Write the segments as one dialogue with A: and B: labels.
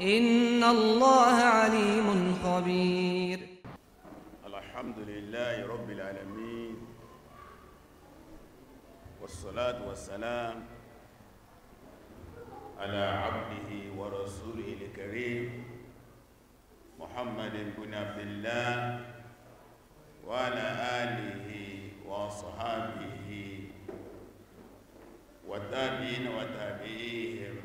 A: إن الله عليم
B: خبير الحمد لله رب العالمين والصلاة والسلام على عبده ورسوله الكريم محمد بن عبد الله وعلى آله وصحابه والتابعين وتابعيهم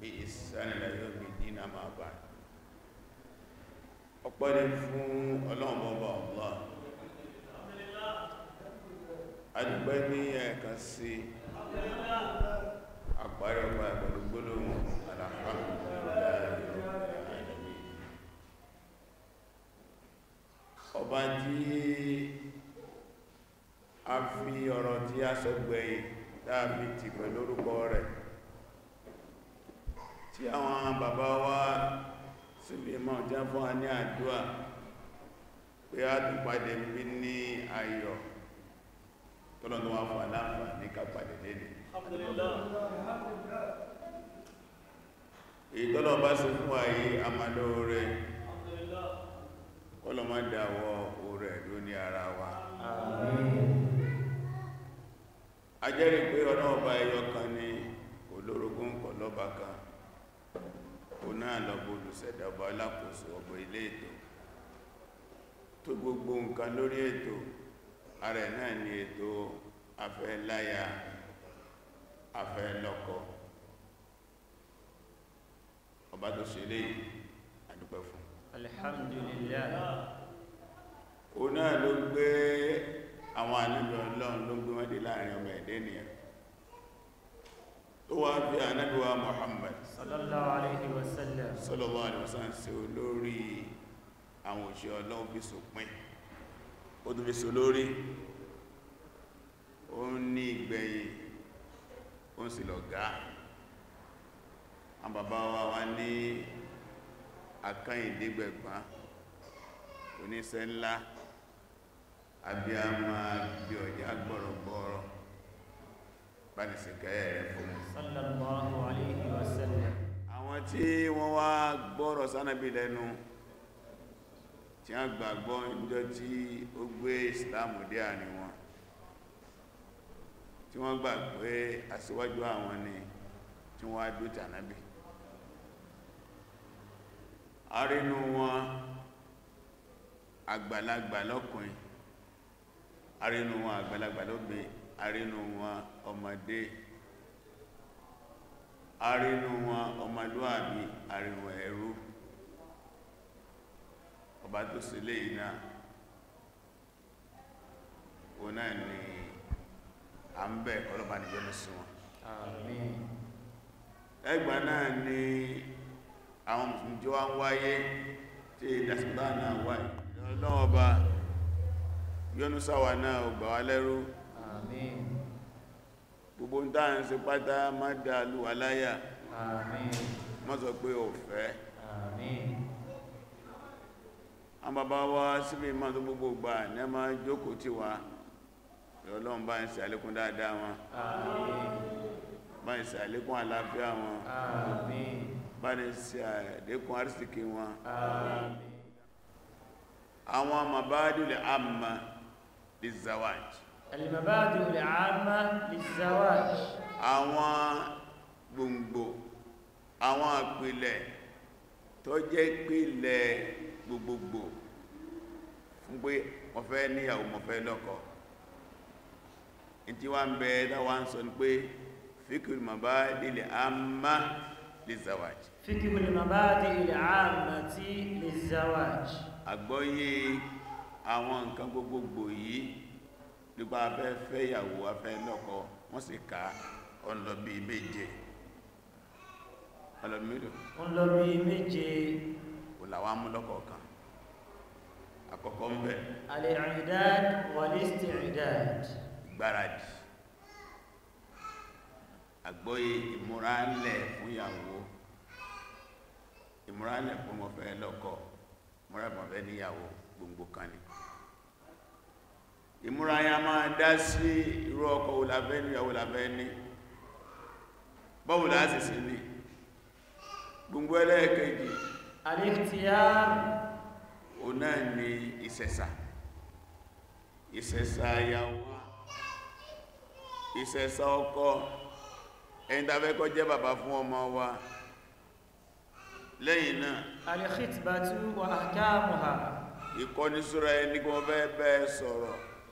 B: بإحسان إلى يوم ní a máa bá ọpẹ́ ni fún ọlọ́ọ̀bọ̀bọ̀ Allah adúgbẹ́ ní ẹ̀ẹ̀kan sí àpárí ọgbà ẹ̀pẹ̀lú gbólóhùn ọba tí a fi ọ̀rọ̀ tí a sọ gbẹ̀yìn dáàbí ti pẹ̀lú orúkọ rẹ̀ tí àwọn bàbá wa Suleiman jáfún a ní àdúwà
A: pé a tún padà bí
B: ní ayọ̀ tọ́lọ́nà wà fún aláàfà ní kápàdé lẹ́nì ìtọ́lọ̀ bá sí fún ayé àmàlò rẹ̀ kọlọ̀mọ́ dáwọ́ orẹ̀ ló ara wa a jẹ́rìí pé ọlọ́ọ̀bá ẹyọ kan olórogún kan o lọ́bọ̀ olùṣẹ̀dá alákòóso ọba ilé ètò tó gbogbo nǹkan lórí ètò ààrẹ náà ni ètò afẹ́láyà afẹ́lọ́kọ ọba tó ṣe fún
A: alhamdulillah
B: o náà ló gbé àwọn àlúgbẹ̀ ọlọ́run ló gbé wọ́n tó wá fi ànábíwá Muhammad sallallahu alaihi wasallam sallallahu alaihi wasallam sí olórí àwọn òṣèrè ọlọ́run fi sòpin ó tún fi sò lórí ó ń ní ìgbẹ̀yìn ó ń sì lọ̀gá àwọn bàbá wa wá ní àkáyìndégbẹ̀gbọ́n oníṣẹ́ ńlá àbí bí ọjà gbọ̀rọ̀gbọ̀rọ̀ báni sí kẹ́ẹ̀ẹ́ fún sallallahu alayhi wa sallam àwọn tí wọ́n wá gbọ́rọ̀ sánàbí lẹ́nu tí a gbàgbọ́ ìjọ tí ó gbé islamu dé àní wọn tí wọ́n gbà aṣíwájú àwọn ni tí wọ́n á dútà náàbì arínú wọn àgbàlagbà lọ́kùnrin arínú wọn àgbàlagbà lóbìnrin arínú ọmọdé arínú ọmọlúwàbí arínú ẹrú ọba tó sílé na òun náà ni a ń bẹ̀ ọlọ́bà na ní sí wọn ẹgbà náà ni àwọn mùsùlùmí jọ ń wáyé tí ìdásílá náà wáyé ọlọ́ọ̀ba yọ́nú sáwà náà ò gbà wá lẹ́rú gbogbo ń dáa ń ṣe pátá má dáalù aláyà má sọ pé ọ̀fẹ́ a bàbá wá síbí má tó gbogbo gbà ní ẹmà jókòó tí wá Ọlọ́run bá ń ṣe àlékún dáadáa wọn bá ń ṣe àlékún àlàáfíà wọn bá ń ṣe àlékún àrísìkí wọn àwọn mabadul amma lizawaj alimabadu al'amma
A: lizawaj
B: àwọn gbòǹgbò àwọn àpìlẹ̀ tó jẹ́ ìpìlẹ̀ gbogbogbò fún pé mo fẹ́ níyàwó mo fẹ́ lọ́kọ ìtí wá ń bẹ dáwà ń sọ ní pé fíkìl mabadi al'amma lizawaj
A: fíkìl mabadi al'amma lizawaj
B: àgbọ́yé àwọn nǹkan gbogbogbò yìí nípa afẹ́ fẹ́ ìyàwó afẹ́ lọ́kọ wọ́n sì ká ọlọ́bí méje ọlọ́bí méje òlàwà múlọ́kọ̀ kan àkọ́kọ́ ń bẹ
A: al-i'dad wal-isti'dad
B: ìgbáradì àgbóyé ìmúránlẹ̀ fún ìyàwó ìmúránlẹ̀ fún mọ́fẹ́ lọ́kọ mọ́rẹ́mọ̀fẹ́ níyàwó gbogbo kan ni ìmúra yẹn a máa dá sí irú ọkọ òlàfẹ́ ní ìyàwó làfẹ́ ní bọ́wù láti sí ní gbogbo ẹlẹ́ẹ̀kejì al-ikhtiyar o náà ni ìsẹ̀sà ìsẹ̀sà ìyàwó ìsẹ̀sà ọkọ ẹni tàbẹ́kọ́ jẹ́ bàbá fún ọmọ wa lẹ́yìn náà
A: al-khitbatu wa ahkamuha
B: ìkọ́nisúra ẹni kí wọ́n fẹ́ bẹ́ẹ̀ sọ̀rọ̀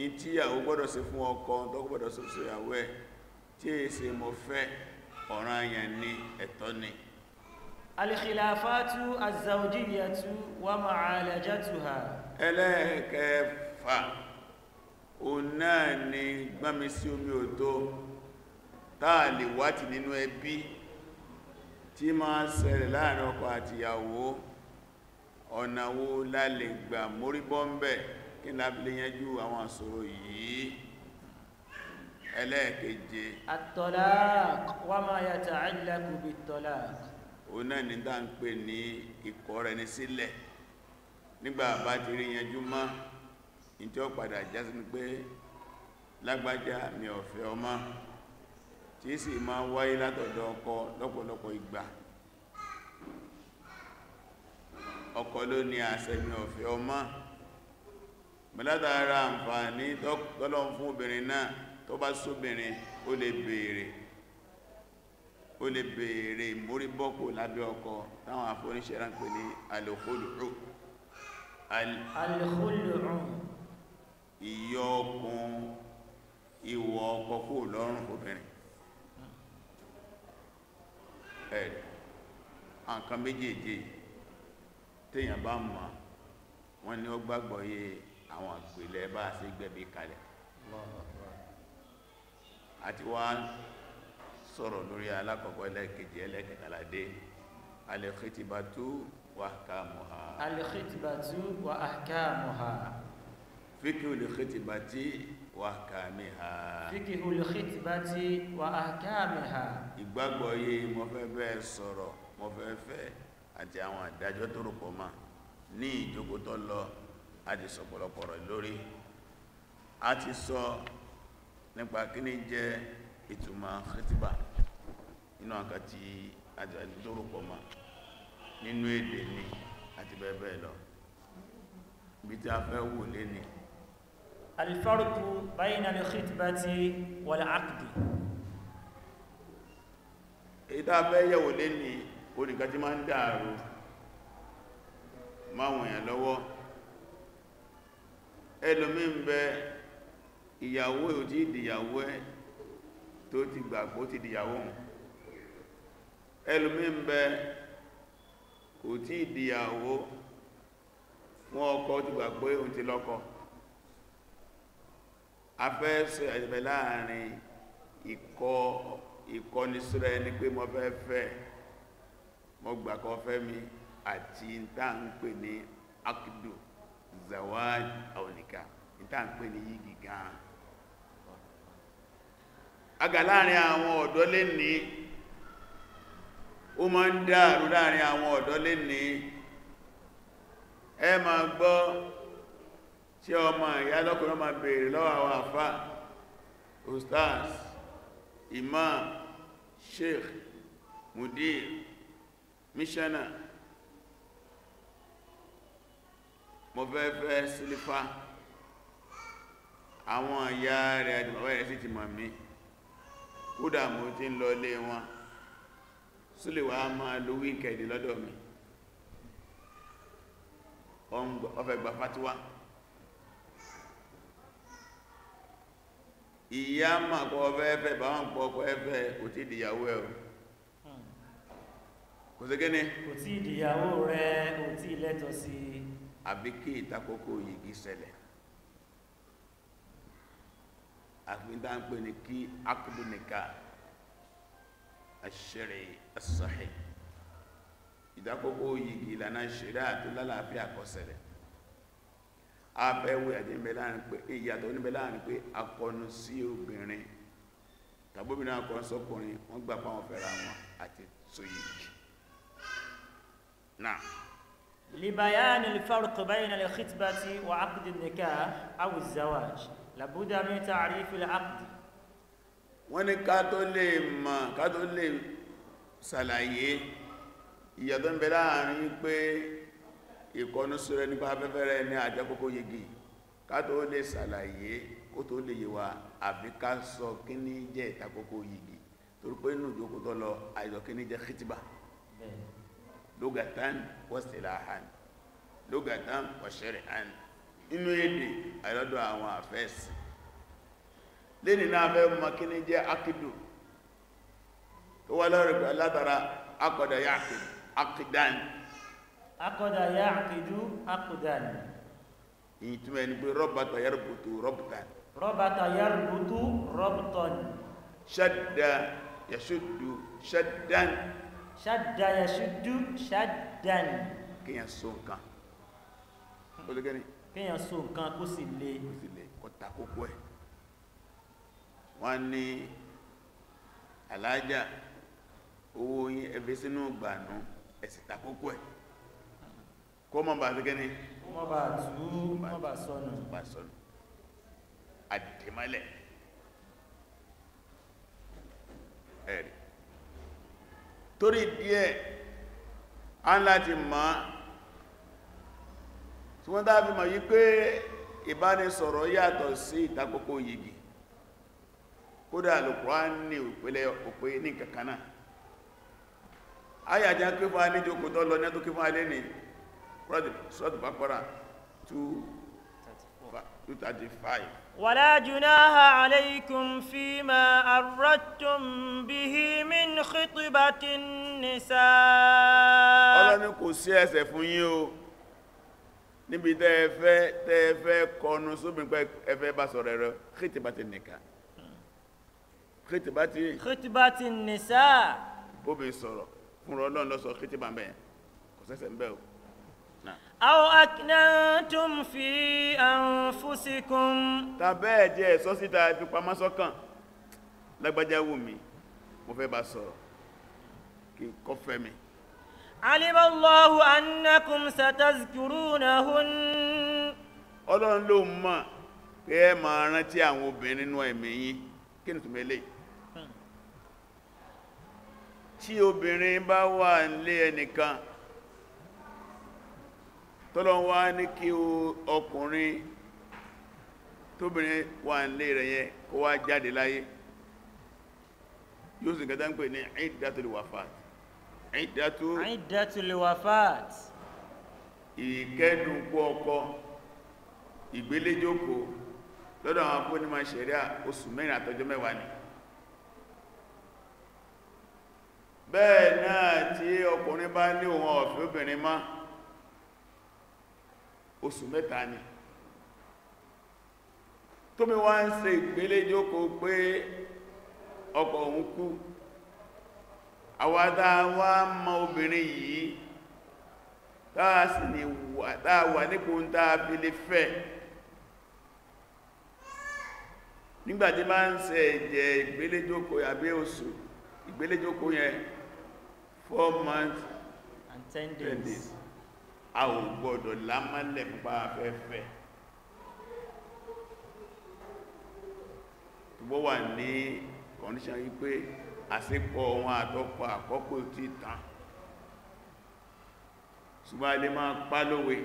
B: in tí ìyàwó gbọ́dọ̀ ṣe fún ọkọ tó gbọ́dọ̀ ṣe fún ìyàwó ẹ̀ tí è ṣe mọ̀ fẹ́ ọ̀ràn yẹn ní ẹ̀tọ́ ni
A: alìkìláfàtú azàúdíyàtú wà ma'alajatuha
B: ẹlẹ́ẹ̀kẹfà o ni gbámi sí omi òtó táà lè wáti nínú ẹbí tí máa ṣẹlẹ̀ láàrin ọkọ àtìyàwó ọ̀nà wo la lè gbà mórí bọ́m̀bẹ̀ kí n lábílé yanjú àwọn àṣòro yìí ẹlẹ́ẹ̀keje
A: at-talaq wa ma yata'allaqu bit-talaq
B: o náà ní dá ń pè ní ikọ̀ rẹ̀ ní sílẹ̀ nígbà bá ti rí yanjú mọ́ ní tí ó padà jásí ní pé lágbájá mi ò ọmọ tí sì máa wáyé látọ̀dọ̀ ọkọ lọ́pọ̀lọpọ̀ ìgbà ọkọ ló ní àṣẹ mi ò ọmọ mẹ́láta ara àǹfààní tọ́lọ́n fún obìnrin náà tó bá sóbìnrin ó lè béèrè ó lè béèrè ìmóríbọ́kò lábẹ́ ọkọ táwọn afọ́níṣẹ́ ránpẹ́ ní alìkólùrù alìkólùrù ìyọ ọkùn ìwọ ọkọ kò lọ́rùn obìnrin ẹ̀ àǹkan méjèèjì téèyàn bá mọ̀ wọ́n ní ó gbàgbọ́ yìí àwọn ìpìlẹ̀ bá ṣe gbẹ̀bí kalẹ̀ àti wá sọ̀rọ̀ lórí alákọ̀ọ́kọ́ ẹlẹ́kejì ẹlẹ́kẹtàládé alẹ́kẹ́tìbàtú wa ahkamuha alẹ́kẹ́tìbàtú wa ahkamuha fíkí olùkẹ́tìbàtí wa ahkamiha fíkí
A: olùkẹ́tìbàtí wa ahkamiha
B: ìgbàgbọ́ yé mo fẹ́ bẹ́ẹ̀ sọ̀rọ̀ mo fẹ́ fẹ́ àti àwọn àdájọ́ tó rò pọ̀ mọ́ ní ìjókòó tó lọ a ti sọ pọ̀lọpọ̀ ọ̀rọ̀ lórí a ti sọ nípa kí ní jẹ́ ìtumọ̀ kìtìbà nínú àkà tí ma nínú èdè ni àti bẹ́ẹ̀ lọ bí tí a fẹ́ wò lé ní
A: alfarku bayna alkhitbati wal aqdi
B: ìdá bẹ́ yẹ̀wò lé ní oníkàtí máa ń dáàrù máwọn èèyàn lọ́wọ́ ẹlòmí ń bẹ ìyàwó ò tí ìdìyàwó ẹ tó ti gbàgbó ti dìyàwó ẹlòmí ń bẹ kò tí ìdìyàwó fún ọkọ ti gbàgbó ohun ti lọ́kọ afẹ́ẹ̀sẹ̀ ẹ̀sẹ̀ láàrin ikọ́ ìkọnisíra ẹni pé mo fẹ́ fẹ́ mo gbàkọ́ fẹ́ mi àti ìta ń pè ní zawaj awnika níta ń pè ní yìí gan aga láàrin àwọn ọ̀dọ́ lè ní ó máa ń dàrú láàrin àwọn ọ̀dọ́ lè ní ẹ máa ọmọ ìyá lọ́kùnrin máa bèèrè lọ́wọ́ àwọn àfá ustaz imam sheikh mudir missioner mo fẹ́ fẹ́ sílífà àwọn ìyá rẹ̀ àti bàbá rẹ̀ sì ti mọ̀ mí kódà mo ti ń lọ lé wọn sílíwà máa lo wíkẹ̀dì lọ́dọ̀ mi ọfẹ́ gba fatiwa ìyá mà kọ́ ọfẹ́ ẹfẹ́ bá wọn pọ̀ ọkọ̀ ẹfẹ́ kò tí ìdìyàwó ẹ̀ o hmm. kò sí gẹ́ni kò tí ìdìyàwó rẹ̀ kò tí ìlẹ́tọ̀ sí àbí kí ìtakókò yìí ṣẹlẹ̀ àfihàn ń pè ní kí akúdùnìkà àṣẹrẹ as-sahih ìtakókò yìí ìlànà ṣẹlẹ̀ àti lálàáfíà kó ṣẹlẹ̀ abẹ́wẹ̀ ìyàtọ̀ níbẹ̀ láàrin pé akọnu sí obìnrin tàbóbìnrin akọni sọ́kùnrin wọ́n gbà pàwọn fẹ́ra wọn àti tóyìí náà
A: لبيان الفرق بين الخطبة وعقد النكاح أو الزواج لابد من تعريف العقد
B: wọ́n ní ká tó lè mọ̀ ká tó lè ṣàlàyé ìyàtọ̀ ń bẹ láàrin pé ìkọnú sọ́rẹ́ nípa afẹ́fẹ́rẹ́ ní àjẹ́kókó yìí ká tó lè ṣàlàyé kó tó lè yíwa àbí ká sọ kí ní jẹ́ ìtakókó yìí torípé inú ìjókòó lọ àìsọ kí ní jẹ́ khitba lugatan wa silahan lugatan wa shari'an inú èdè àìlọ́dọ̀ àwọn àfẹ́ẹ̀sì lẹ́ni náà fẹ́ mọ́ kí ní jẹ́ akidu tó wá lọ́rọ̀ látara akọ̀dà yá akidan
A: akọ̀dà yá akidu akudan
B: ìtumọ̀ ẹni pé rọ́bàtà yárùbùtù rọ́bùtàn rọ́bàtà yárùbùtù rọ́bùtàn ṣadda yasudu ṣaddan
A: ṣáda yasudu ṣádan.
B: kéèyàn so nǹkan ó lè gẹ́ni. kéèyàn so nǹkan kó sì le. kó sì le kó ta kókó ẹ̀ wọ́n ní alájà owó yín ẹbí sínú gbànú ẹ̀sì ta kókó ẹ̀ kó mọ́ bá gẹ́gẹ́ ni mọ́ bá tú mọ́ bá sọnù bá sọnù àdìmọ́lẹ̀ ẹ̀rì torí díẹ̀ a ń láti mọ̀ tí wọ́n dáa fi mọ̀ yí pé ìbánisọ̀rọ̀ yàtọ̀ sí ìtakókò yìí kódà Al-Qur'an ní òpèlẹ̀ òpè ní kàkánà ayàjá kí fún alé jókòó tó lọ ní ẹ̀tọ́ kí fún alé ní sọ́tù Baqara 235
A: ولا جناها عليكم فيما أردتم به من خطبة النساء
B: ọlọ́ni kò sí ẹ̀ṣẹ̀ fún yín o níbi tẹ́ ẹ fẹ́ tẹ́ ẹ fẹ́ kọnu sóbìn pé ẹ fẹ́ bá sọ̀rọ̀ ẹ̀rọ kìtìbátì nìka kìtìbátì kìtìbátì nìsá ó bè sọ̀rọ̀ fúnra ọlọ́run ló sọ kìtìbà mẹ́ kò sẹ́sẹ̀ ń bẹ́ o aw aknantum fi ahụ ta bẹ́ẹ̀ jẹ́ sọ́síta ìfipamọ́sọ́kàn lágbàjá wù mí mo fẹ́ bá sọ̀rọ̀ kí n kọ́ fẹ́ mi.
A: alimallahu annakum satazkuru na hun.
B: n. ló mọ̀ pé ẹ máa rántí àwọn obìnrin nínú ẹ̀mí yín kí ni tùmí eléyìí. Hmm. tí obìnrin bá wà nílé ẹnìkan. tọ́lọ́n wá ní kí ọkùnrin tóbìnrin wà nílé rẹ̀ yẹn kó wá jáde láyé yóò sì gẹ́dá ń pè ní ìdátòlè ọkọ lọ́dọ̀ àwọn ni bẹ́ẹ̀ tí ọkùnrin bá ní òun obìnrin máa oṣù mẹ́ta ni tómi wá ń se jókòó ọkọ òun kú àwádá wá mọ obìnrin yìí táà sì ní wà nípò ń dáa bí lè fẹ́ nígbàtí bá ń ṣe ẹ̀jẹ̀ oṣù yẹn 4 months and 10 10 days. a ò gbọ́dọ̀ lámálẹ̀ púpá afẹ́fẹ́ wọ́n wà ní kọ̀ndíṣàn yí pé àsìpọ̀ wọn àtọ́pọ̀ àkọ́kọ́ tí tán ṣùgbọ́n ilé máa pá lówe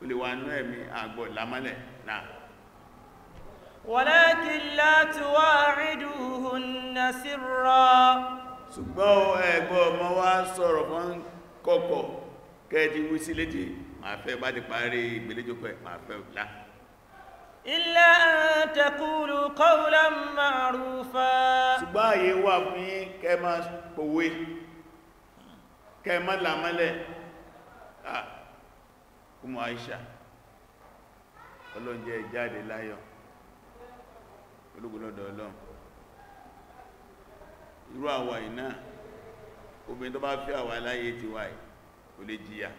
B: o lè wà náà ẹ̀mí àgbọ̀ lámálẹ̀ náà
A: walakin la tuwa'iduhunna sirra
B: ṣùgbọ́n ẹgbọ́ ọmọ wá sọ̀rọ̀ fún kọ̀kọ̀ kẹ́ẹ̀tì wí sí léjì máa fẹ́ bá ti parí ìgbéléjókò ẹ̀ máa fẹ́ lá. illa an taqulu qawlan ma'rufa. ṣùgbọ́n àyè wà fún yín kẹ́ máa pòwe kẹ́ máa làmọ́lẹ̀ kúmọ Aisha ọlọ́njẹ́ ìjáde láyọ̀ olúgbọ́lọ́dọ̀ ọlọ́run irú àwa ìná obìnrin tó bá fẹ́ àwa láyé ti wáyìí le jiya jìyà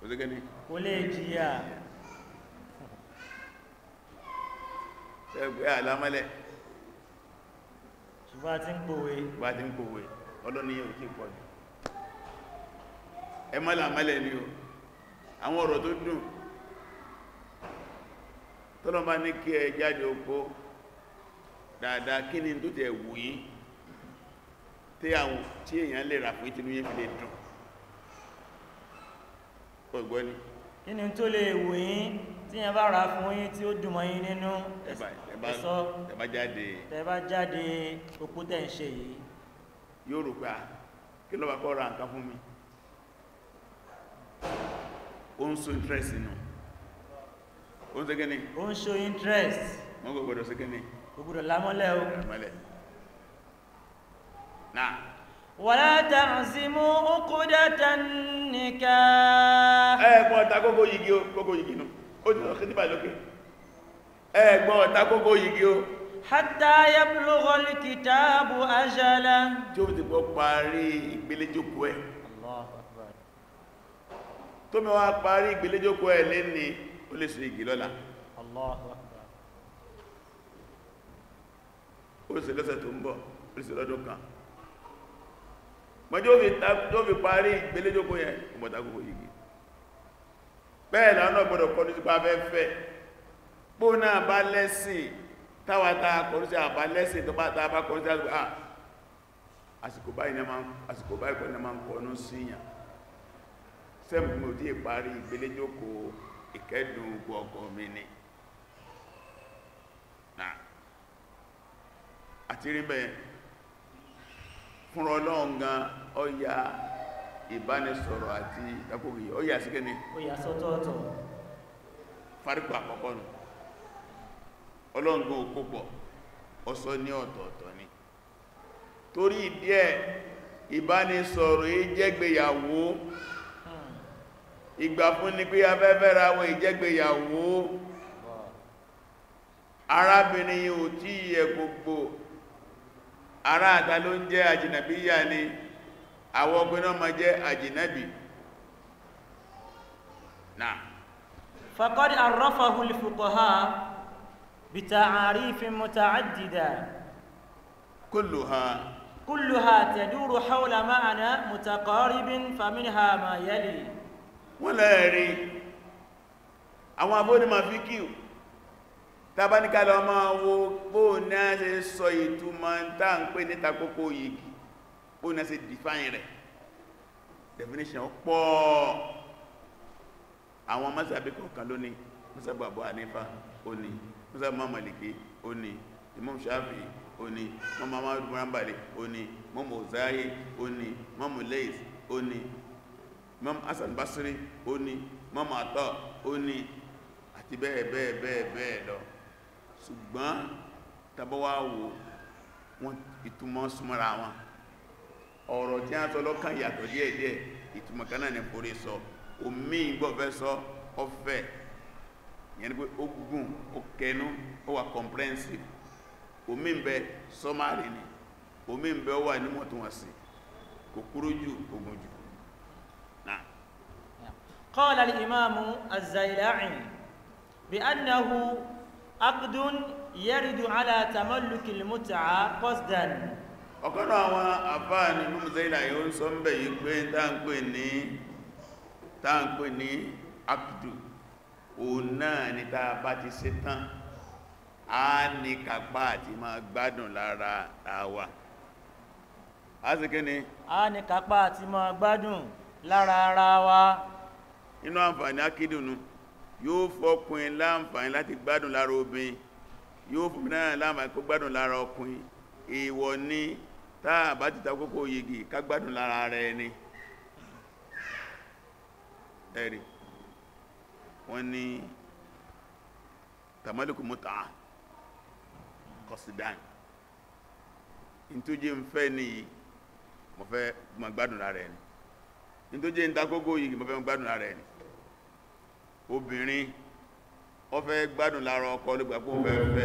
B: kò lè gẹ́ni kò lè jìyà ṣẹ́gbẹ́ ti ń e, ṣùgbọ́n ti ń e, ọlọ́niyẹ òkè pọ̀ jù ẹ mọ́ ni o àwọn ọ̀rọ̀ tó dùn tọ́lọ́ ní kí ẹ jáde oko dáadáa kí ni tó tẹ̀ wù yín tí èèyàn lè rà fún ìtìlú yín fi ọgbọ́ni
A: nínú tó lè wù yín tí yẹn bá ra fún yín tí ó dùn yín nínú
B: ẹ̀sọ́ tẹ̀bá jáde òkú tẹ̀ ń ṣe yìí yóò rò pé à kí lọ́ba kọ́ ra nǹkan fún mi ó ń so interest nù ó ń ṣe kíni ó ń so interest wọ́n kò gbọ́dọ̀ ṣe kíni kò gbọ́dọ̀ lámọ́lẹ̀ o lámọ́lẹ̀ náà wala ta'zimu uqdatan nikah ta kókó yìí o kókó yìí nù ó ti sọ kí lókè ẹgbọ́n ta kókó yìí o hatta yablugha al-kitabu ajala tí ó ti gbọ́ parí ìgbéléjókòó ẹ̀ tó mẹ́wàá parí ìgbéléjókòó ẹ̀ lẹ́ni ó lè ṣe igi lọ́la ó sì lọ́sẹ̀ tó ń bọ̀ ó sì lọ́dún kan mọ́jọ́ fi parí ìgbéléjókòó yẹn ọmọdé agogo yìí bẹ́ẹ̀ lánà gbọ́dọ̀ kọlu sí pàfẹ́ fẹ́ pó náà bá lẹ́sìn táwàtà kọlu sí àbá lẹ́sìn tó bá tàà bá ah, àsìkò báyìí ma ń síyàn sẹ́mù tí è parí ìgbéléjókò ìkẹ́dùn gbọ́gbọ́ mi ni àti rí bẹ́ẹ̀ ìbánisọ̀rọ̀ àti ẹkùnrin ó yà sí kíni ó yà àkọ́kọ́ ọsọ ní ọ̀tọ̀ọ̀tọ̀ ni torí ìdí ẹ̀ ìbánisọ̀rọ̀ ìjẹ́gbéyàwó hmm. ìgbà fún pé afẹ́fẹ́ wọn ìjẹ́gbéyàwó arábìnrin ò tí gbogbo ará ni. àwọn ọgbẹ́ náà ma jẹ́ àjìnábì náà
A: faqad arrafahu al-fuqaha بتعاريف متعددة كلها كلها تدور حول معنى متقارب فمنها ما يلي
B: ولا يري àwọn abóni ma fi kíù tàbáníkà lọ wo bóò ní a ṣe sọ ìtumọ̀ tàà ń pè ní takókò yìí bó náà ṣe define rẹ̀ definition pọ̀ àwọn mọ́sàbí kọ̀ọ̀kan ló ní mọ́sàbí Abu Hanifa ó ní mọ́sàbí Maliki ó ní Imam Shafi'i ó ní mọ́ mamadu murambali ó ní mọ́ mozahi ó ní mọ́ mulais ó ní mọ́ Hasan Basri ó ní mọ́ matọ́ ó ní àti bẹ́ẹ̀ bẹ́ẹ̀ bẹ́ẹ̀ bẹ́ẹ̀ lọ ṣùgbọ́n tàbọ́wà wo wọn ìtumọ̀ súnmọ́ra wọn ọ̀rọ̀ tí a sọ lọ́kàn yàtọ̀ díẹ̀ ìtumọ̀ náà ní forí sọ omi ìgbọ̀fẹ́ sọ ọfẹ́ yẹn pé ó gùn ó kẹnu ó wà comprehensive omi ń bẹ ni omi ń ó wà níwọ̀ntúnwọ̀nsì kò kúrú jù kò jù náà.
A: قال الإمام الزيلعي بأنه
B: ọ̀kọ́nà àwọn àfáà ní mú zaila yóò sọ ń bẹ̀ yìí pé táǹpé ní abdu òun náà ni tá a bá ti ṣe tán a ní kàpá àti máa gbádùn lára àwa a sì kí ni a ní kàpá àti máa gbádùn lára ara wa inú àǹfààní akídùnú yóò fọ́kùnrin láǹfààní láti gbádùn lára obìnrin yóò fún náà láàmà kó gbádùn lára ọkùnrin ìwọ ni Taa bá ti ta kókó yìí ká gbádùn lára rẹ̀ ni ẹ̀rì wọ́n ní tàmálùkù mọ́ta kọsìdán ìtújẹ́ ń fẹ́ ní mo fẹ́ mọ̀ gbádùn lára ni ìtújẹ́ ń ta kókó mo fẹ́ ọkọ ló gbà pé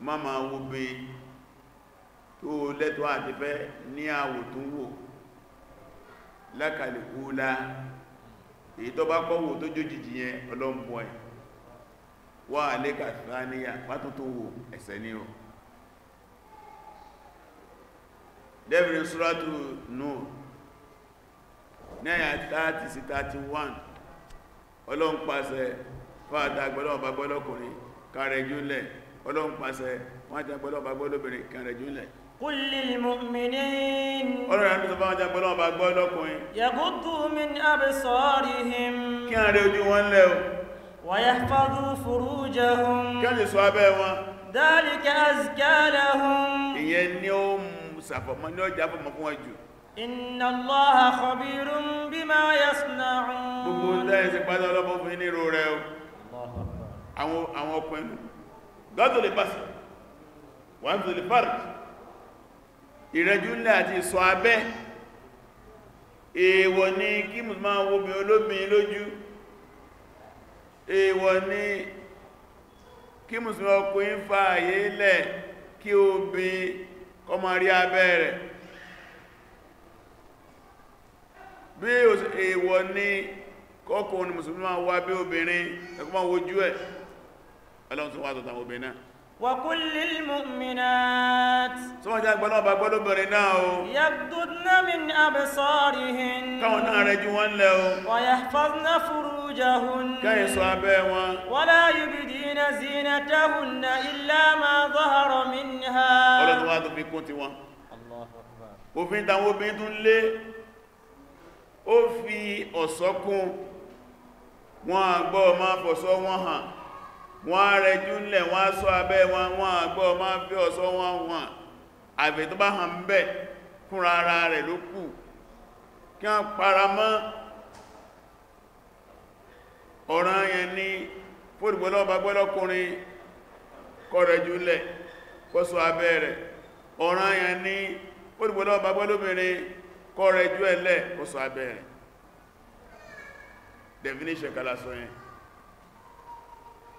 B: má ma wo be to tó lẹ́tọ́ àti fẹ́ ní àwò tó wò lákàlẹ̀kú lá èyí tó bá kọ́wò tó jójìjì yẹn ọlọ́mbọ̀ ẹ̀ wà lẹ́kà sáníyà pátún tó wò ẹ̀sẹ̀ ní o dẹ́bìnrin súrátù nù náà 30 sí 31 ọlọ́mpàṣẹ fáadà gbọ́lọ́ ọba gbọ́lọ́kùnrin kàrẹ̀jú lẹ́ẹ̀ ọlọ́run pàṣẹ wọ́n jẹ́ gbọ́lọ́bà gbọ́lọ́bìnrin kan rẹ̀ jùlẹ̀
A: kullil mu'minin ọlọ́run àti ọba jẹ́ inna allaha khabirun bima yasna'un
B: gbogbo dáyẹ̀ sí pátá fún inú rẹ̀ o àwọn ọkùnrin gọ́dọ̀ lè pàṣẹ wọ́n tó lè park ìrẹ́jú ńlẹ̀ àti ìsọ abẹ́ èèwọ̀ ni kí musulman wobi olóbin lójú èèwọ̀ ni kí musulman ọkùnrin fa àyè lẹ̀ kí obi kọmọ rí abẹ́ rẹ̀ bí èèwọ̀ ni kọkùnrin musulman wá bí obìnrin ẹkùnmọ̀ wojú ẹ̀ ọlọ́run tó wà tó tàwọn obìnrin náà wàkúlìl mọ̀mìnàt tó wọ́n jẹ́ agbọ́lọ́bà gbọ́lọ́bìnrin náà o
A: yàgbùdná min abẹ́sọ́rìhìn káwọn náà rẹ̀
B: jú wọ́n lẹ́ o
A: wàyà fásná furujahun
B: káyẹ̀ sọ abẹ́ wọn
A: wọ́lá yubidina zinatahunna illa
B: ma zahara minha ọlọ́tún wá tó fi kún ti òfin táwọn obìnrin tún lé ó fi ọ̀ṣọ́ wọn àgbọ́ máa fọ̀ṣọ́ wọn hàn wọ́n rẹ̀ júnlẹ̀ wọ́n sọ abẹ́ wọn wọ́n àgbọ́ ma ń fi ọ̀sọ́ wọn wọn àbẹ̀ tó bá hàn bẹ́ fúnra ara rẹ̀ ló kù kí wọ́n para mọ́ ọ̀ràn yẹn ní fóòdùgbọ́lọ́gbọ́lọ́kùnrin kó rẹ̀ júnlẹ̀ kó sọ abẹ́ rẹ̀ ọ̀ràn yẹn ní fóòdùgbọ́lọ́gbọ́lọ́bìnrin kó rẹ̀ jú ẹ̀lẹ̀ kó sọ abẹ́ rẹ̀ definition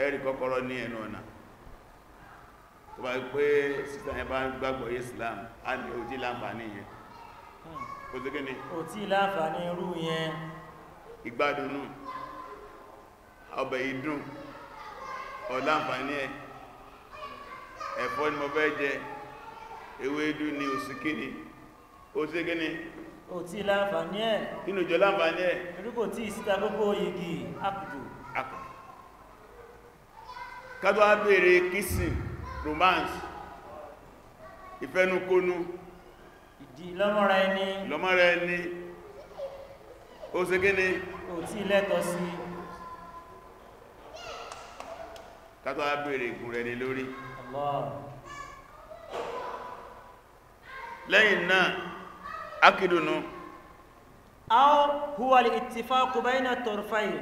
B: ẹ̀rì kọ́kọ́rọ́ ní ẹnu ọ̀nà tó bá pé sísan ẹbá Islam a ní ó ti láǹfààní yẹn ó ti gíní ó ti láǹfààní
A: irú yẹn
B: ìgbádùnú ọbẹ̀ ìdùn ọ̀láǹfààní ẹ̀ ẹ̀fọ́ ni mo fẹ́ jẹ ni òsìkí ni ó ti gíní ti láǹfààní ẹ̀ nínú ìjọ láǹfààní ẹ̀ torí kátó wá bèèrè kissing romance ìfẹnukonu ìdí lọ́mọ́ra ẹni lọ́mọ́ra ẹni ó ṣe gíní kò tí lẹ́tọ̀ sí kátó wá bèèrè ìgùn rẹ̀ ní lórí lẹ́yìn náà akìdùnú
A: aw huwa al-ittifaq bayna at-tarfayn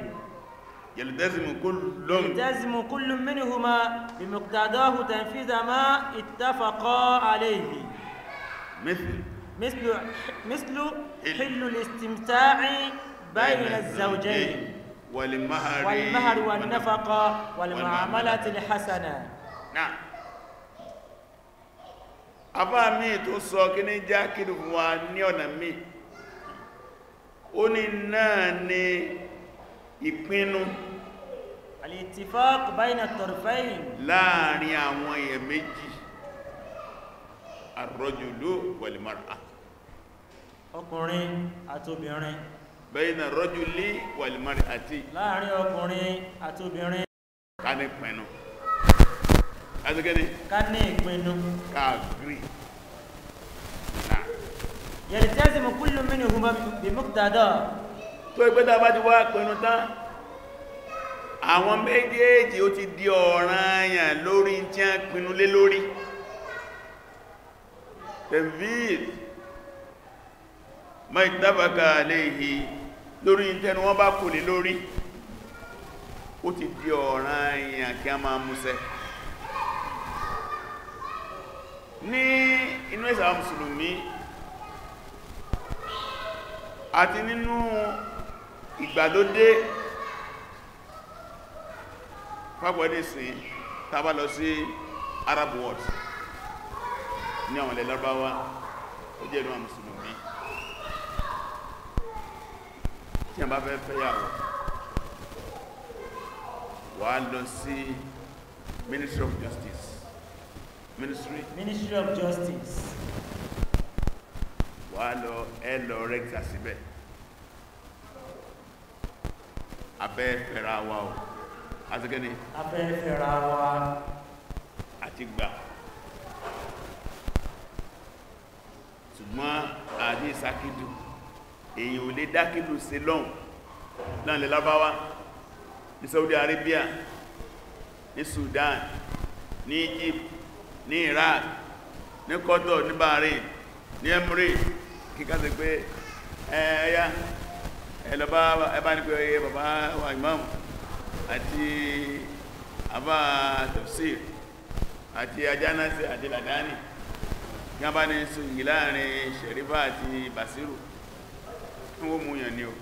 B: يلتزم كل يلتزم
A: كل منهما بمقتضاه تنفيذ ما اتفقا عليه مثل مثل مثل حل الاستمتاع بين الزوجين
B: والمهر والمهر
A: والنفقة والمعاملة الحسنة نعم
B: أبا mi tó sọ kí ní jákìrì wà ní ọ̀nà mi ó ní náà ni jakiri wa ni ona mi ìpinnu
A: al-ittifaq bayna at-tarfayn
B: láàrin àwọn èèyàn méjì ar-rajulu wal-mar'a ọkùnrin àtobìnrin bayna ar-rajuli wal-mar'ati láàrin ọkùnrin àtobìnrin ká ní ìpinnu ká ní ìpinnu ká gírí
A: yaltazimu kullu
B: minhuma bi miqtada tó ẹgbẹ́ tàbá ti wá pinnu tán àwọn méjèèjì ó ti di ọ̀ranyàn lórí tí a pinnu lé lórí tẹ̀víl ma ìtàbàkà léèhì lórí tẹnu wọ́n bá kò lè lórí ó ti di ọ̀ranyàn kí a máa múṣẹ ní inú ẹ̀sà mùsùlùmí àti nínú ìgbàlódé pápọ̀ ní sí tàbá lọ sí Arab world ní àwọn ilẹ̀ lọ́rọ̀báwá ó jẹ́ ìlú mùsùlùmí tí a bá fẹ́ fẹ́yàwó wà lọ sí Ministry of Justice Ministry Ministry of Justice wà lọ ẹ lọ rẹ́gbà síbẹ̀ abẹ́ fẹ́ra wa o àti kí ni abẹ́ fẹ́ra wa àti gbà ṣùgbọ́n àdí ìsákídù èyàn ò lè dákídù sí lọ́hùn láàrin lábáwá ní Saudi Arabia ní Sudan ní Egypt ní Iraq ní Qatar ní Bahrain ní Emirates kíkà sí pé ẹ̀ẹ́yà eh, ẹlọba ẹbá ní pé ọyẹ bàbá wa ìmáàmù àti àbá tafsir àti ajánásí àti làdáni yába ní sùnjì láàrin ṣẹ̀rífà àti bàṣírù wọ́n mú yàn ní o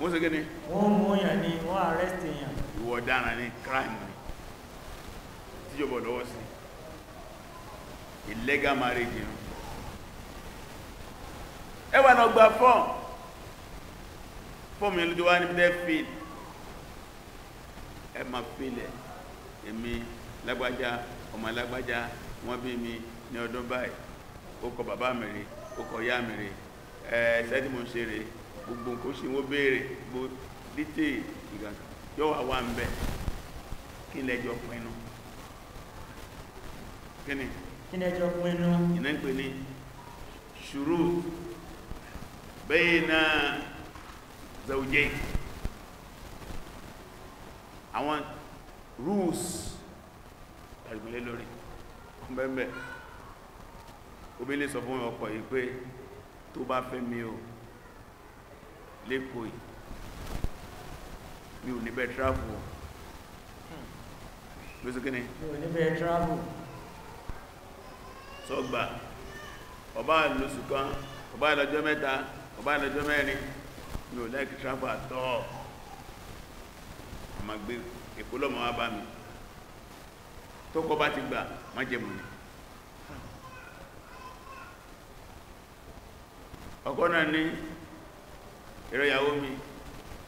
B: wọ́n sí kí ni wọ́n mú yàn ní wọ́n arrest yàn ìwọ ọ̀daràn ní crime ni tí yóò bọ̀ lọ́wọ́ sí illegal marriage ẹwà náà gba fọ́ọ̀mù fọ́ọ̀mù yẹn ló ti wá ní bẹ́ẹ̀ fíl ẹ máa fílẹ̀ èmi lágbájá ọmọ lágbájá wọ́n bí mi ní ọdún báyìí ó kọ bàbá mi rè ó kọ ìyá mi rè ẹ ṣẹ́ni mo ṣe rè gbogbo nǹkan ṣe wọ́n béèrè gbogbo dítè ìgbàgbọ́ yóò wá wá ń bẹ kí lẹ́jọ́ pinnu kí ni
A: kí lẹ́jọ́ pinnu
B: ìnáǹpẹ̀ ni ṣùrù bẹ́ẹ̀ náà zawjay àwọn rules ẹ̀gbìnlẹ̀ lórí bẹ́ẹ̀bẹ́ obi lè sọ fún ọkọ yìí pé tó bá fẹ́ mi o lẹ́kọ̀ọ́ yìí mi ò ní bẹ́ẹ̀ travel ló sí kíni mi
A: ò ní bẹ́ẹ̀ travel
B: sọ́gbà ọba lóṣù kan ọba ìlọ́jọ́ mẹ́ta ọba ìlọ́jọ́ mẹ́rin mi ò láìkì travel at all ma gbé èkó lọ́mọ wá bá mi tó kọ́ bá ti gbà má jẹ mọ̀ ní ọkọ náà ní ìrẹ́ ìyàwó mi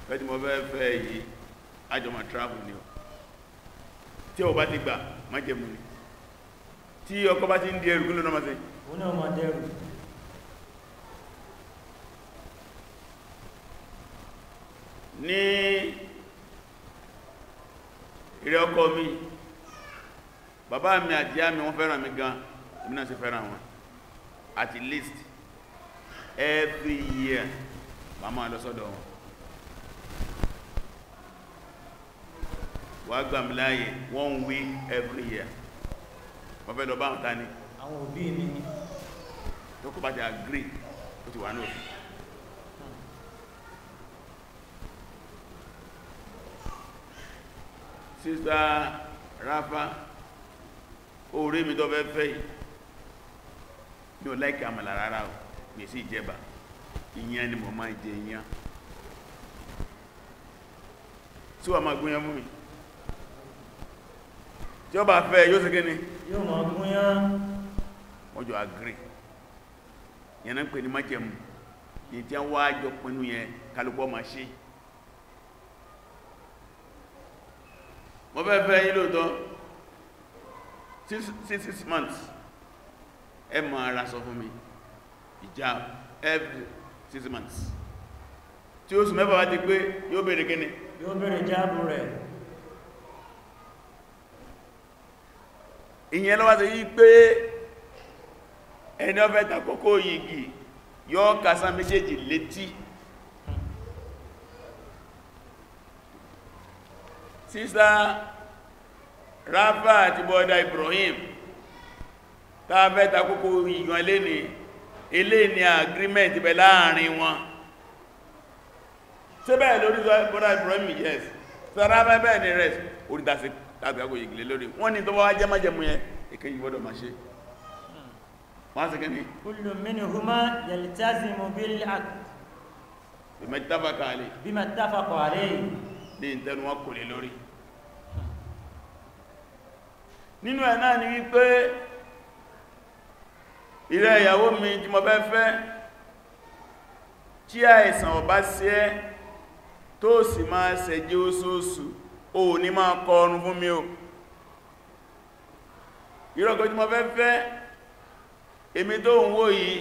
B: fẹ́tí mo fẹ́ fẹ́ yìí ajọmọ̀ travel ni ọ tí ọ bá ti gbà má jẹ mọ̀ ní tí ọkọ bá ti ń di ẹrù kí ló náà máa ṣe òun náà máa dẹrù ní ìrẹ́ ọkọ mi bàbá mi àti ìyá mi wọ́n fẹ́ràn mi gan èmi náà ṣe fẹ́ràn wọn at least every year màmá lọ sọ́dọ̀ wọn wà gbà mí one week every year wọ́n fẹ́ lọ bá wọn ta ni àwọn òbí mi tó kó bá ti agree ó ti wà ní òfin sísá ráfá orí mi tó fẹ́ fẹ́ yìí ní o láìka àmàlà rárá o gbèsè ìjẹba ìyẹn ni mo máa ń jẹ ìyẹn tí wà máa gúnyán fún mi tí ó bá fẹ́ yóò sí kíni yóò máa gúnyán wọ́n jọ agree yẹn náà pè ní májẹ̀mú ní tí wọ́n wá jọ pinnu yẹn kálukú máa ṣe é mo fẹ́ fẹ́ yín lóòtọ́ six months ẹ mọ̀ ara sọ fún mi ìjà every six months tí ó sùn mẹ́fà wá ti pé yóò bèèrè kíni yóò bèèrè jáàbù rẹ̀ ìyẹn lọ́wọ́ sí yí pé ẹni ó fẹ́ takókó yìí yóò kásá méjèèjì létí sísá ráfà àti bọ́ọ̀dá Ibrahim tàbẹ́ta kókó ìyàn ilé ni ilé ni agreement bẹ láàrin wọn ṣe bẹ́ẹ̀ lórí bọ́ọ̀dá Ibrahim yes sára bẹ́ẹ̀ ni rest orí dáṣe tàbí àgbò ìgbìlẹ̀ lórí wọ́n ni tó wá jẹ́ májẹ̀mú yẹn èké yìí gbọ́dọ̀ máa ṣe wọ́n sì kẹ́ni
A: kullu minhuma yaltazimu bil
B: ní ìtẹnu lórí nínú ẹ̀ náà ni wípé ilẹ̀ ìyàwó mi tí mo bẹ́ fẹ́ tí àìsàn ọ̀bá sí ẹ́ tó sì máa ṣẹ̀jẹ́ oṣooṣù o ní máa kọ ọrùn fún mi o ìrọ̀kọ̀ tí mo fẹ́ fẹ́ èmi tó ń wò yìí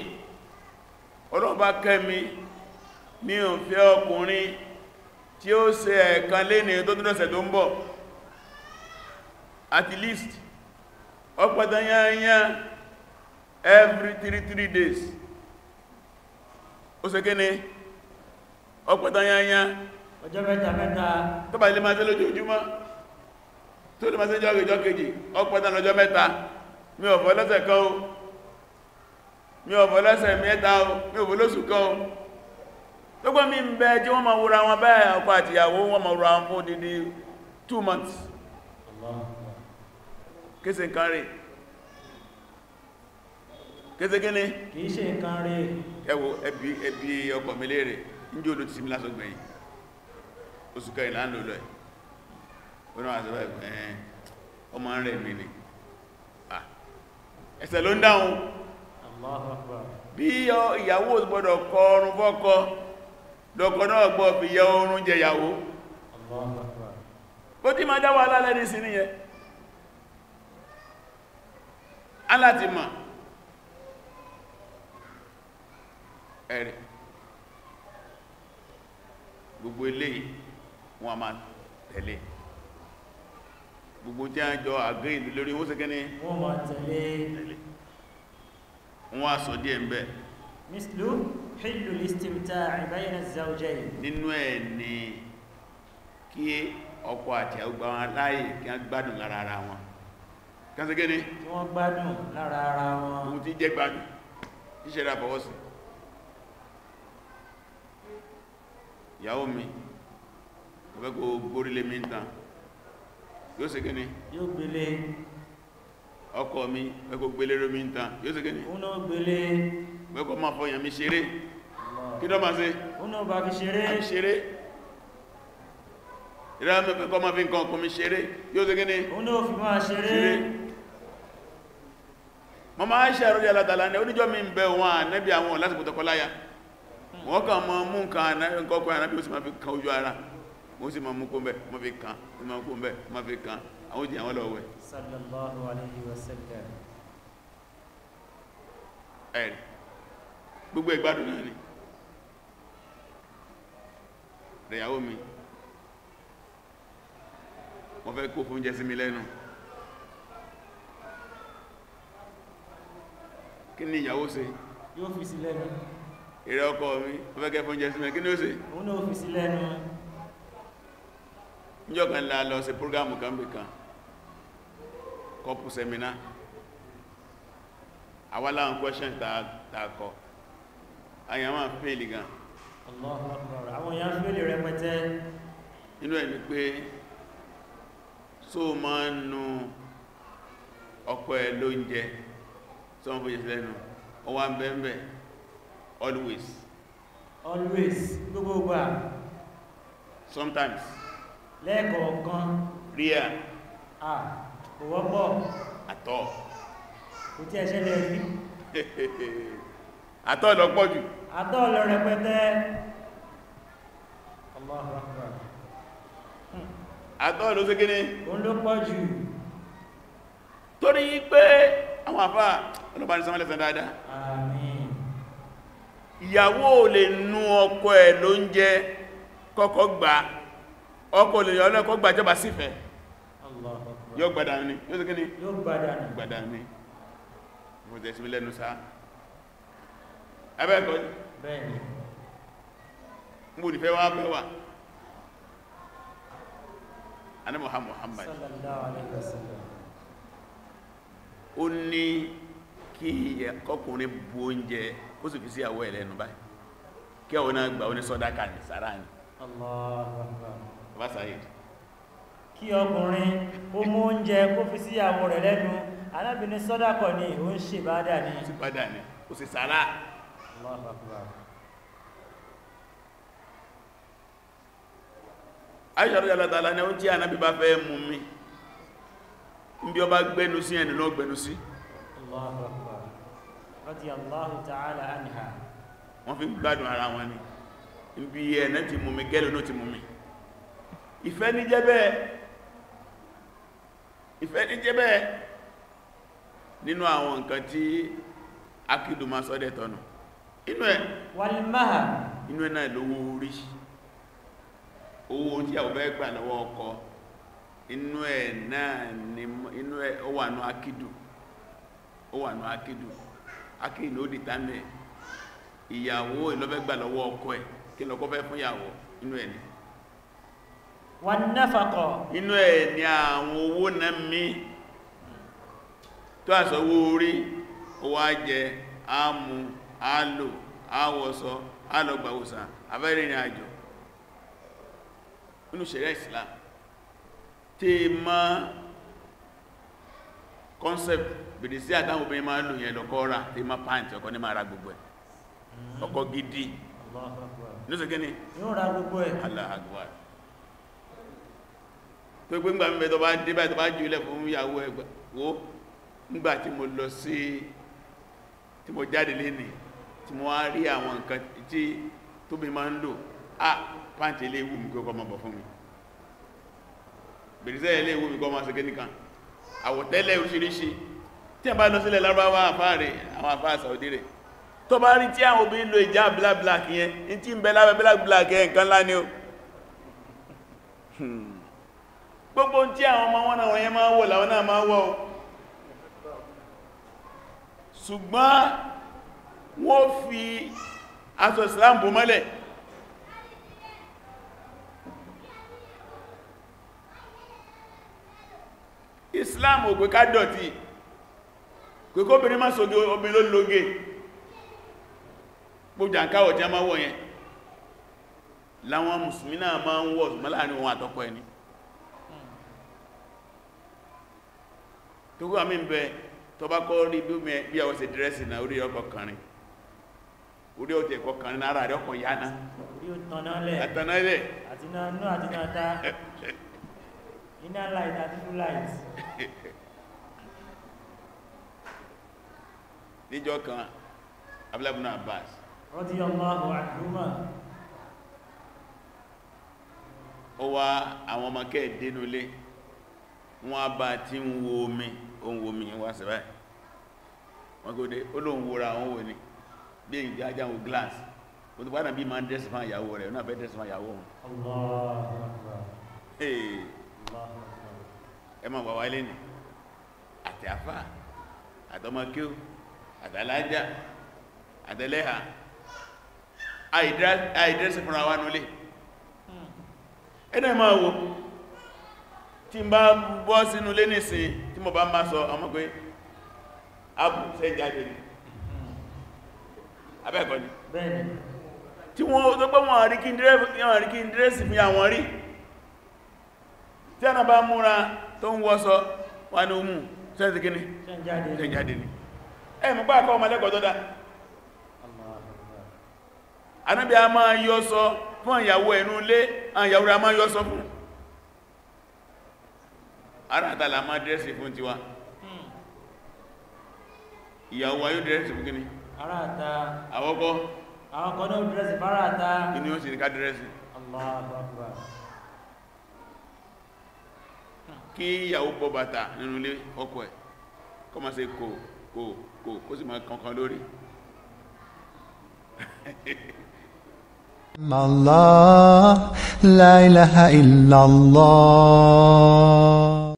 B: ọlọ́ọ̀bá kẹ́mi mi ò fẹ́ ọkùnrin tí ó se ẹ̀kan lé ní tó tó lọ́sẹ̀ tó ń bọ̀ at least anya every 33 days ó ṣe ọ ni ọkpatanyanya anya ọjọ mẹta mẹta bá ilé máa tẹ́ lójoojúmọ́ tó lè máa tẹ́ jọ́ kejọ́ kejì ọkpatan lọ́jọ́ mẹ́ta mi ò fọ́ lọ́sẹ̀ kan o mi ò fọ́ lọ́sẹ̀ o mi ò fọ́ lóṣù kan o mi ń bẹ wọ́n máa kése kìí se nǹkan rẹ̀ ẹwọ ẹbí ọkọ̀ mi léèrè ní odò ti símílá sọ́gbẹ̀yìn oṣù kẹrin náà ọmọ mi ni ẹsẹ̀ ló ń dáhùn bí ìyàwó gbọ́dọ̀ kọ ọrùn fọ́kọ náà fi yẹ oorun jẹyàwó bó tí ma sí aláti mọ̀ ẹ̀rẹ̀ gbogbo eléyìí wọn a máa tẹ̀lé gbogbo tí a jọ àgbé ìlú lórí wọ́n sẹ́kẹ́ ní wọ́n máa tẹ̀lé wọ́n a sọ díẹ̀ ń bẹ
A: mislu hillu listimta'i bayna az
B: nínú ẹ̀ ni kí ọkọ àti ẹgbà wọn láàyè kí a gbádùn lára wọn kánṣẹ́gẹ́ ni wọ́n gbádùn lára ara wọn ohun tí jẹ́ gbádùn ìṣẹ́ra fọwọ́ sí ìyàwó mi ọ̀fẹ́ kò gbórílé mi ń tàn yóò ṣe gẹ́ni yóò gbélé ọkọ mi ẹkọ gbélé lómi ń tàn yóò ṣe gẹ́ni ọ̀nà gbélé mẹ́kọ̀ máa fọyàn mi ṣeré kí ló máa ṣe ọ̀nà bá fi ṣeré ṣeré ìrẹ́mẹ́kọ̀ máa fi nǹkan ọkùnrin ṣeré yóò ṣe gẹ́ni ọ̀nà òfin máa ṣeré wọ́n máa ń ṣẹ̀rọ yàlátàlá ní oníjọ́ mi ń bẹ wọn ànẹ́bí àwọn láti pọ̀tọ̀kọláyà wọ́n kàn mọ́ mú nǹkan ọkọ̀ ànẹ́bí ó sì máa fi kan ojú ara o sì máa mú kó mẹ́ ma fi kan ma kó mẹ́ ma fi kan àwọn jẹ́ àwọn lọ́wẹ́
A: sallallahu alayhi
B: wa sallam kí ni ìyàwó ṣe
A: yóò fi sí lẹ́nu
B: èrè ọkọ mi ọfẹ́kẹ́ fún jẹ́ sílẹ̀ kí ni ó ṣe
A: òun náà fi sí lẹ́nu
B: níjọ́ kan la lọ sí prógámù kan bí kan kọpù sẹ́mínà àwáláwọn kwẹ́ṣẹ́n tààkọ àyàmà fèèlì gan
A: Allahu Akbar àwọn èèyàn fèèlì rẹpẹtẹ
B: inú ẹ̀ ni pé só máa ń nu ọkọ ẹ̀ lóúnjẹ sọ fún ìṣẹ́ lẹ́nu ọ wá always always gbogbo gbà sometimes
A: lẹ́ẹ̀kọ̀ọ̀kan
B: ríà à kò wọ́pọ̀ àtọ́ kò tí ẹ̀ṣẹ́ lẹ́ rí àtọ́ lọ pọ̀ jù àtọ́ lọ rẹpẹtẹ Allahu Akbar àtọ́ ló sí kíní òun ló pọ̀ jù torí pé àwọn àfáà ọlọ́bà ní sánmọ́lẹ̀ fẹ́ dáadáa ìyàwó lè nú ọkọ ẹ̀ ló ń jẹ kọ́kọ́ gbà ọkọ lè yọ ọlọ́kọ́ gbà jọba sífẹ́ yóò gbàdà ní yóò sì kíni yóò gbàdà ní mo tẹ̀ sí lẹ́nu sáà ẹbẹ́ẹ̀kọ́ bẹ́ẹ̀ni mo nífẹ́ wá bẹ́ wà anẹ́mọ̀ha Muhammad kí ọkùnrin bu oúnjẹ ó sì fi sí àwọ ẹ̀lẹ́nu báyìí kí ọ̀wọ́ náà gbà oní sọ́dáka ní sàrá ní ọbásáyìd
A: kí ọkùnrin ó mú oúnjẹ kó fi sí àwọ rẹ̀ lẹ́nu alábìnrin sọ́dákọ̀ ni ó ń ṣe bádà ní ó sì bádà ní ó sì
B: ni ó jẹ́ ànábì ọba sí
A: radiyallahu ta'ala anha
B: wọ́n fi gbádùn ara wọn ni ibi ẹ̀nà ti mú mi gẹ́lẹ̀ ló ti mú mi ìfẹ́ ní jẹ́ bẹ́ẹ̀ ìfẹ́ ní jẹ́ bẹ́ẹ̀ nínú àwọn nǹkan tí akídù sọ́dẹ̀ tọ́nà inú ẹ̀ wàlmáà inú ẹ̀ náà lówó orí owó tí ọkọ inú ẹ̀ náà ni inú ẹ̀ ó akéyìn ló dìtà mẹ́ ìyàwó ìlọ́fẹ́ gbà lọ́wọ́ ọkọ ẹ̀ kí lọ́kọ́ fẹ́ fún ìyàwó inú ẹ̀ ni
A: wà náfàkọ̀
B: inú ẹ̀ ni àwọn owó na mí tó àṣọ owó orí owó ajẹ ámú álò áwọ̀sọ álọgbàwòsàn abẹ́rìnrìn àjò inú ṣẹ̀rẹ́ Islam tí ma concept bèrèsí àtàwọn obìnrin máa ń lò yẹn lọ́kọ́ rà tí máa pàǹtì ọkọ ní máa ra gbogbo ẹ̀ hmm. ọkọ gidi lóṣèké ni yóò ra gbogbo ẹ̀ aláhàgbà tó gbé ńgbà mẹ́tọ́ bá dé báyìí tó bá jù ilẹ̀ fún ìyàwó ẹgbà wo ńgbà tí mo lọ sí tí mo jáde léni tí mo wá rí àwọn nǹkan tí tóbi máa ń lò ah pàǹtì ilé ìwú mi kí kọ́ mọ́ bọ̀ fún mi àwọ̀tẹ́lẹ̀ oríṣiríṣi tí a bá lọ sílẹ̀ lárúbáwá àfáà rẹ̀ àwọn àfáà Saudi rẹ̀ tó bá rí tí àwọn obìnrin lo ìjà black black yẹn in tí ń bẹ lábẹ́ black black yẹn nǹkan ńlá o ó hmm. gbogbo tí àwọn ọmọ wọn náà yẹn máa wọ̀ làwọn náà máa wọ̀ ṣùgbọ́n wọ́n fi aṣọ Islam bò mọ́lẹ̀ Islam ò ká dọ̀tí kòkó obìnrin má sóge obìnrin ló lóge gbogbo àkáwọ̀ tí a máa wọ̀ yẹn láwọn mùsùlùmí náà máa ń wọ̀ ṣùgbọ́n láàrin wọn àtọ́kọ ẹni tó gbà mí bẹ tó bá kọ́ rí bí àwọn ṣe dírẹ́sì náà orí ọkọ̀ kàrin orí ọ̀tẹ̀ ẹ̀kọ́ kan ní rẹ̀ ọkọ̀ yá náà
A: light àti blue light
B: níjọ́ kan Abdullah ibn Abbas ó wá àwọn ọmọ kẹ́ẹ̀ dénú lé a bá tí ń wo omi ohun omi wá sẹ́bẹ̀ wọ́n kò dé ó lóun wòrà àwọn wò ni, bí i ajá wo glass kò tó pàdánà bí ń fún àyàwó rẹ̀ náà fẹ́ ma wà àtàlájá àtẹ́lẹ́hà àìdírẹ́sì fúnra wá nulé ẹ̀nà ìmọ̀ wo tí n bá bọ́ sínú lé nìsìn tí mo bá máa sọ ọmọ abu jáde ní abẹ́ẹ̀kọ́ tí wọn fún àwọn rí tí a náà bá múra ẹ̀mù pàá kọ́ ọmọlẹ́kọ̀ọ́ tó anábí a máa yọ́ sọ fún àyàwó ẹnu lé àyàwó a máa yọ́ sọ fún ara àtàlà máa dẹ́sì fún tiwa ìyàwó ayó dẹ́sì fún kíní ara àtà àwọ́kọ́ àwọ́kọ́ náà dẹ́sì fara àtà inú ó sì ní ká dẹ́sì kí ìyàwó bọ́ bàtà nínú ilé ọkọ ẹ̀ kọ́ máa ṣe kò kò kò kó sì máa kankan lórí.
A: Allah la ilaha illallah.